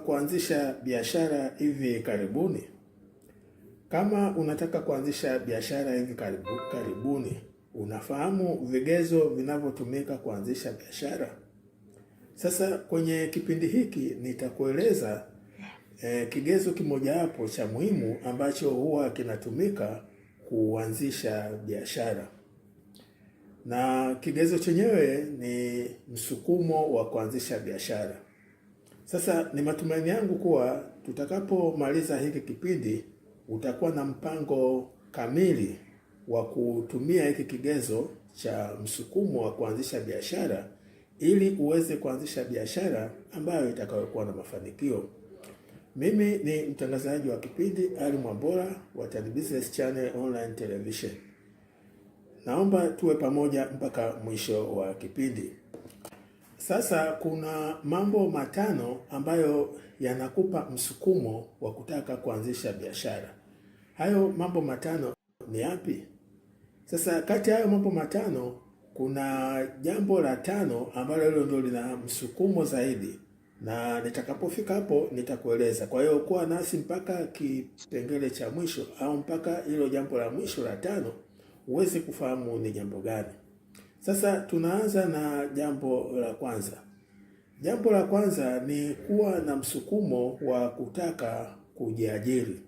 kuanzisha biashara hivi karibuni, kama unataka kuanzisha biashara hivi karibu, karibuni, unafahamu vigezo vinavyotumika kuanzisha biashara? Sasa kwenye kipindi hiki nitakueleza eh, kigezo kimojawapo cha muhimu ambacho huwa kinatumika kuanzisha biashara, na kigezo chenyewe ni msukumo wa kuanzisha biashara. Sasa ni matumaini yangu kuwa tutakapomaliza hiki kipindi utakuwa na mpango kamili wa kutumia hiki kigezo cha msukumo wa kuanzisha biashara ili uweze kuanzisha biashara ambayo itakayokuwa na mafanikio. Mimi ni mtangazaji wa kipindi Ali Mwambola wa Tan Business Channel Online Television. Naomba tuwe pamoja mpaka mwisho wa kipindi. Sasa kuna mambo matano ambayo yanakupa msukumo wa kutaka kuanzisha biashara. Hayo mambo matano ni yapi? Sasa kati ya hayo mambo matano kuna jambo la tano ambalo hilo ndio lina msukumo zaidi, na nitakapofika hapo nitakueleza. Kwa hiyo kuwa nasi mpaka kipengele cha mwisho au mpaka hilo jambo la mwisho la tano uweze kufahamu ni jambo gani. Sasa tunaanza na jambo la kwanza. Jambo la kwanza ni kuwa na msukumo wa kutaka kujiajiri.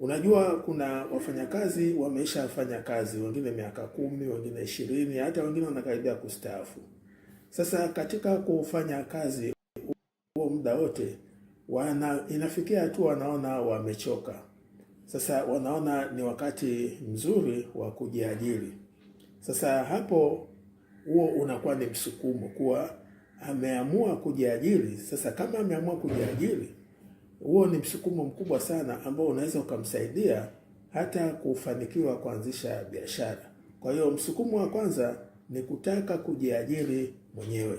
Unajua, kuna wafanyakazi wameshafanya kazi, wengine miaka kumi, wengine ishirini, hata wengine wanakaribia kustaafu. Sasa katika kufanya kazi huo muda wote wana inafikia hatua wanaona wamechoka. Sasa wanaona ni wakati mzuri wa kujiajiri. Sasa hapo huo unakuwa ni msukumo kuwa ameamua kujiajiri. Sasa kama ameamua kujiajiri, huo ni msukumo mkubwa sana ambao unaweza ukamsaidia hata kufanikiwa kuanzisha biashara. Kwa hiyo msukumo wa kwanza ni kutaka kujiajiri mwenyewe.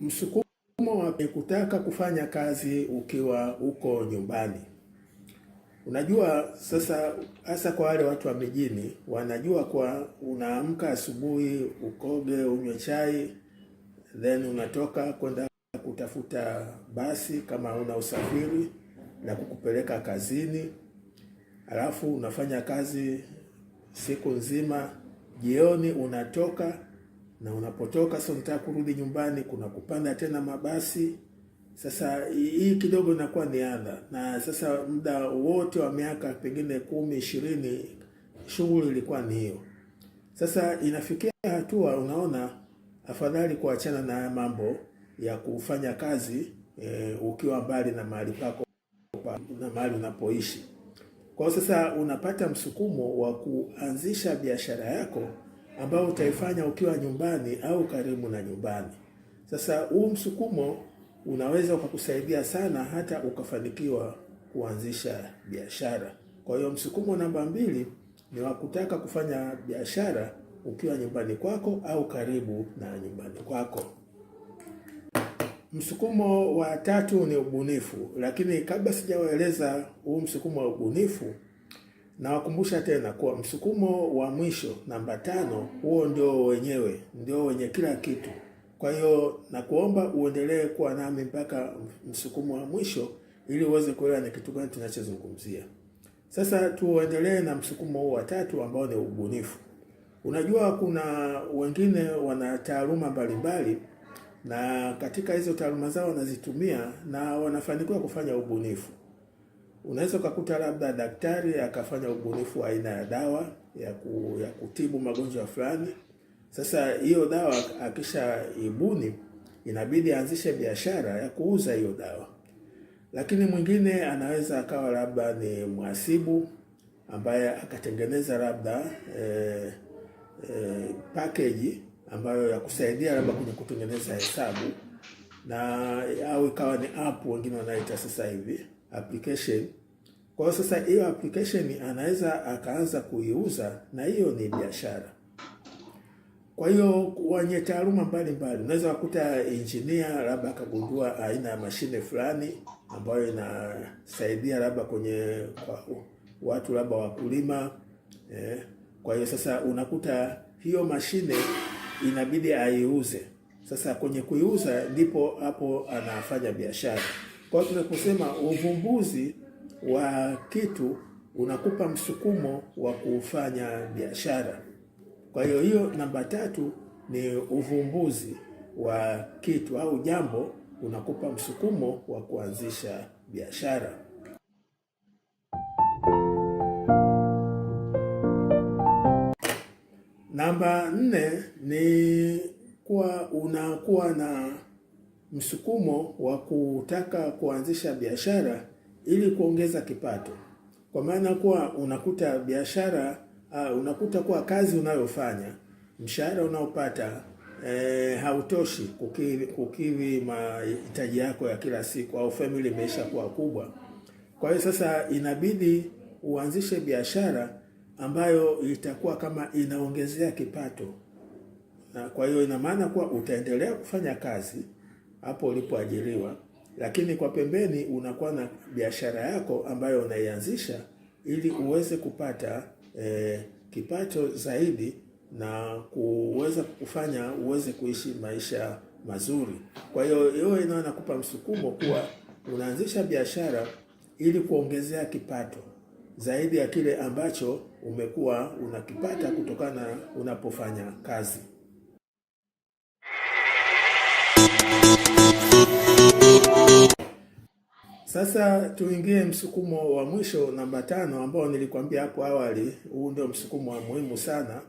Msukumo wa kutaka kufanya kazi ukiwa uko nyumbani. Unajua sasa, hasa kwa wale watu wa mijini, wanajua kwa unaamka asubuhi ukoge, unywe chai, then unatoka kwenda kutafuta basi kama una usafiri na kukupeleka kazini, alafu unafanya kazi siku nzima, jioni unatoka, na unapotoka sasa unataka kurudi nyumbani, kuna kupanda tena mabasi sasa hii kidogo inakuwa ni adha, na sasa muda wote wa miaka pengine kumi ishirini shughuli ilikuwa ni hiyo. Sasa inafikia hatua unaona afadhali kuachana na mambo ya kufanya kazi e, ukiwa mbali na mahali pako na mahali unapoishi. Kwa hiyo sasa unapata msukumo wa kuanzisha biashara yako ambayo utaifanya ukiwa nyumbani au karibu na nyumbani. Sasa huu msukumo unaweza ukakusaidia sana hata ukafanikiwa kuanzisha biashara. Kwa hiyo msukumo namba mbili ni wa kutaka kufanya biashara ukiwa nyumbani kwako au karibu na nyumbani kwako. Msukumo wa tatu ni ubunifu, lakini kabla sijawaeleza huu msukumo wa ubunifu, nawakumbusha tena kuwa msukumo wa mwisho namba tano, huo ndio wenyewe, ndio wenye kila kitu. Kwa hiyo nakuomba uendelee kuwa nami mpaka msukumo wa mwisho, ili uweze kuelewa ni kitu gani tunachozungumzia. Sasa tuendelee na msukumo huu wa tatu ambao ni ubunifu. Unajua, kuna wengine wana taaluma mbalimbali, na katika hizo taaluma zao wanazitumia na wanafanikiwa kufanya ubunifu. Unaweza ukakuta labda daktari akafanya ubunifu wa aina ya dawa ya, ku, ya kutibu magonjwa fulani sasa hiyo dawa akisha ibuni, inabidi aanzishe biashara ya kuuza hiyo dawa. Lakini mwingine anaweza akawa labda ni mhasibu ambaye akatengeneza labda e, e, package ambayo ya kusaidia labda kwenye kutengeneza hesabu na au ikawa ni app wengine wanaita sasa hivi application. Kwa hiyo sasa hiyo application anaweza akaanza kuiuza na hiyo ni biashara. Kwa hiyo wenye taaluma mbalimbali unaweza kukuta engineer labda akagundua aina ya mashine fulani ambayo inasaidia labda kwenye kwa watu labda wakulima eh. Kwa hiyo sasa unakuta hiyo mashine inabidi aiuze. Sasa kwenye kuiuza ndipo hapo anafanya biashara. Kwa hiyo tunaposema uvumbuzi wa kitu unakupa msukumo wa kufanya biashara. Kwa hiyo hiyo namba tatu ni uvumbuzi wa kitu au jambo unakupa msukumo wa kuanzisha biashara. Namba nne ni kuwa unakuwa na msukumo wa kutaka kuanzisha biashara ili kuongeza kipato, kwa maana kuwa unakuta biashara uh, unakuta kuwa kazi unayofanya mshahara unaopata eh, hautoshi kukidhi kukidhi mahitaji yako ya kila siku, au family imesha kuwa kubwa. Kwa hiyo sasa inabidi uanzishe biashara ambayo itakuwa kama inaongezea kipato, na kwa hiyo ina maana kuwa utaendelea kufanya kazi hapo ulipoajiriwa, lakini kwa pembeni unakuwa na biashara yako ambayo unaianzisha ili uweze kupata eh, kipato zaidi na kuweza kufanya uweze kuishi maisha mazuri. Kwa hiyo hiyo inayo nakupa msukumo kuwa unaanzisha biashara ili kuongezea kipato zaidi ya kile ambacho umekuwa unakipata kutokana unapofanya kazi. Sasa tuingie msukumo wa mwisho namba tano, ambao nilikwambia hapo awali. Huu ndio msukumo wa muhimu sana,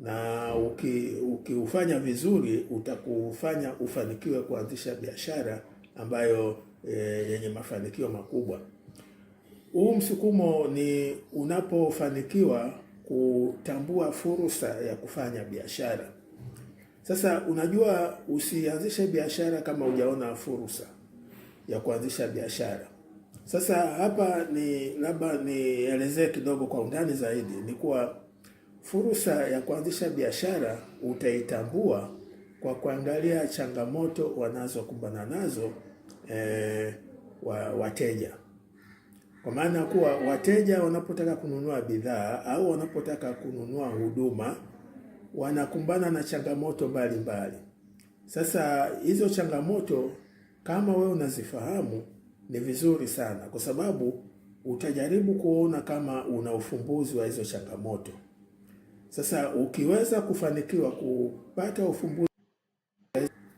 na ukiufanya uki vizuri utakufanya ufanikiwe kuanzisha biashara ambayo e, yenye mafanikio makubwa. Huu msukumo ni unapofanikiwa kutambua fursa ya kufanya biashara. Sasa unajua, usianzishe biashara kama hujaona fursa ya kuanzisha biashara. Sasa hapa ni labda nielezee kidogo kwa undani zaidi, ni kuwa fursa ya kuanzisha biashara utaitambua kwa kuangalia changamoto wanazokumbana nazo e, wa, wateja kwa maana kuwa wateja wanapotaka kununua bidhaa au wanapotaka kununua huduma wanakumbana na changamoto mbalimbali mbali. Sasa hizo changamoto kama wewe unazifahamu ni vizuri sana, kwa sababu utajaribu kuona kama una ufumbuzi wa hizo changamoto. Sasa ukiweza kufanikiwa kupata ufumbuzi,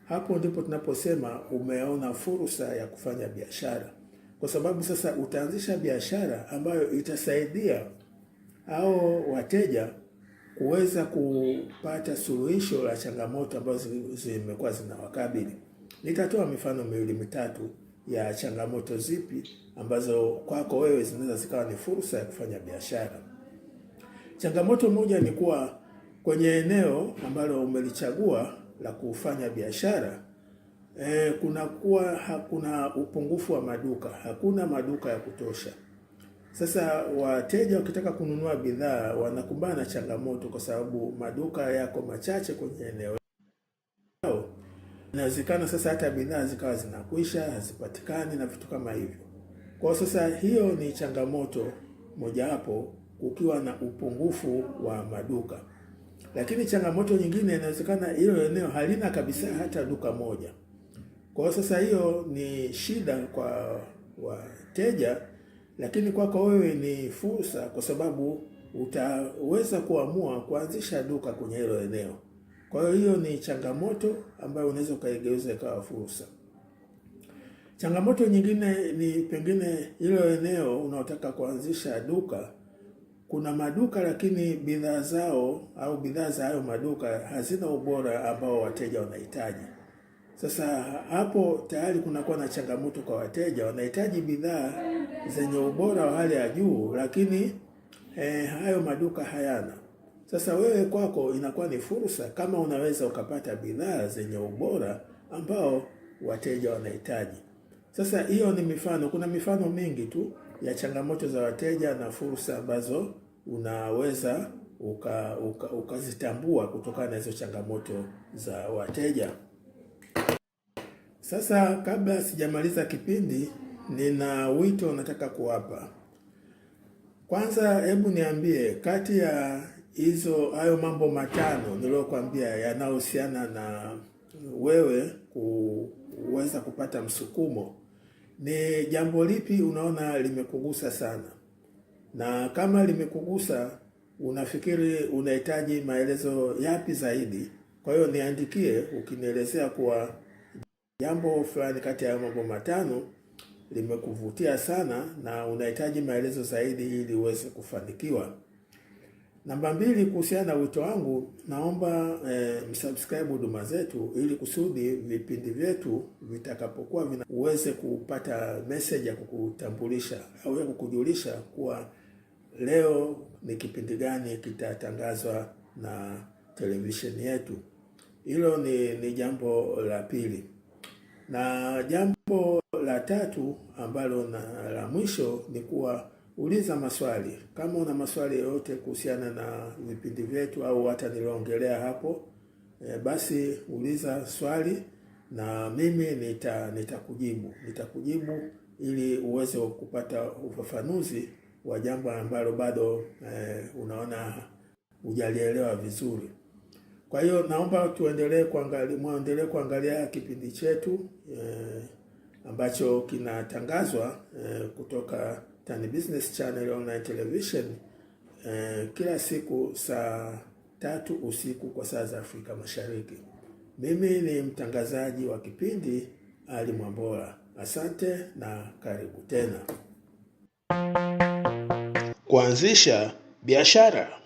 hapo ndipo tunaposema umeona fursa ya kufanya biashara, kwa sababu sasa utaanzisha biashara ambayo itasaidia au wateja kuweza kupata suluhisho la changamoto ambazo zimekuwa zinawakabili. Nitatoa mifano miwili mitatu ya changamoto zipi ambazo kwako wewe zinaweza zikawa ni fursa ya kufanya biashara. Changamoto moja ni kuwa kwenye eneo ambalo umelichagua la kufanya biashara e, kunakuwa hakuna upungufu wa maduka, hakuna maduka ya kutosha. Sasa wateja wakitaka kununua bidhaa wanakumbana na changamoto kwa sababu maduka yako machache kwenye eneo inawezekana sasa hata bidhaa zikawa zinakwisha, hazipatikani na vitu kama hivyo. Kwa sasa hiyo ni changamoto mojawapo, kukiwa na upungufu wa maduka. Lakini changamoto nyingine, inawezekana hilo eneo halina kabisa hata duka moja. Kwa sasa hiyo ni shida kwa wateja, lakini kwako wewe ni fursa, kwa sababu utaweza kuamua kuanzisha duka kwenye hilo eneo. Kwa hiyo ni changamoto ambayo unaweza ukaigeuza ikawa fursa. Changamoto nyingine ni pengine hilo eneo unaotaka kuanzisha duka, kuna maduka lakini bidhaa zao au bidhaa za hayo maduka hazina ubora ambao wateja wanahitaji. Sasa hapo tayari kunakuwa na changamoto kwa wateja, wanahitaji bidhaa zenye ubora wa hali ya juu, lakini eh, hayo maduka hayana. Sasa wewe kwako inakuwa ni fursa, kama unaweza ukapata bidhaa zenye ubora ambao wateja wanahitaji. Sasa hiyo ni mifano, kuna mifano mingi tu ya changamoto za wateja na fursa ambazo unaweza ukazitambua uka, uka kutokana na hizo changamoto za wateja. Sasa kabla sijamaliza kipindi, nina wito nataka kuwapa. Kwanza, hebu niambie kati ya hizo hayo mambo matano niliyokuambia yanayohusiana na wewe kuweza kupata msukumo, ni jambo lipi unaona limekugusa sana? Na kama limekugusa, unafikiri unahitaji maelezo yapi zaidi? Kwa hiyo niandikie ukinielezea kuwa jambo fulani kati ya mambo matano limekuvutia sana na unahitaji maelezo zaidi ili uweze kufanikiwa. Namba mbili, kuhusiana na wito wangu, naomba e, msubscribe huduma zetu ili kusudi vipindi vyetu vitakapokuwa vina uweze kupata message ya kukutambulisha au ya kukujulisha kuwa leo ni kipindi gani kitatangazwa na televisheni yetu. Hilo ni, ni jambo la pili, na jambo la tatu ambalo na la mwisho ni kuwa uliza maswali kama una maswali yoyote kuhusiana na vipindi vyetu au hata niliongelea hapo e, basi uliza swali na mimi nita nitakujibu nitakujibu ili uweze kupata ufafanuzi wa jambo ambalo bado e, unaona hujalielewa vizuri. Kwa hiyo naomba tuendelee kuangalia muendelee kuangalia kipindi chetu e, ambacho kinatangazwa e, kutoka Tan Business Channel Online Television eh, kila siku saa tatu usiku kwa saa za Afrika Mashariki. Mimi ni mtangazaji wa kipindi Ali Mwambola. Asante na karibu tena. Kuanzisha biashara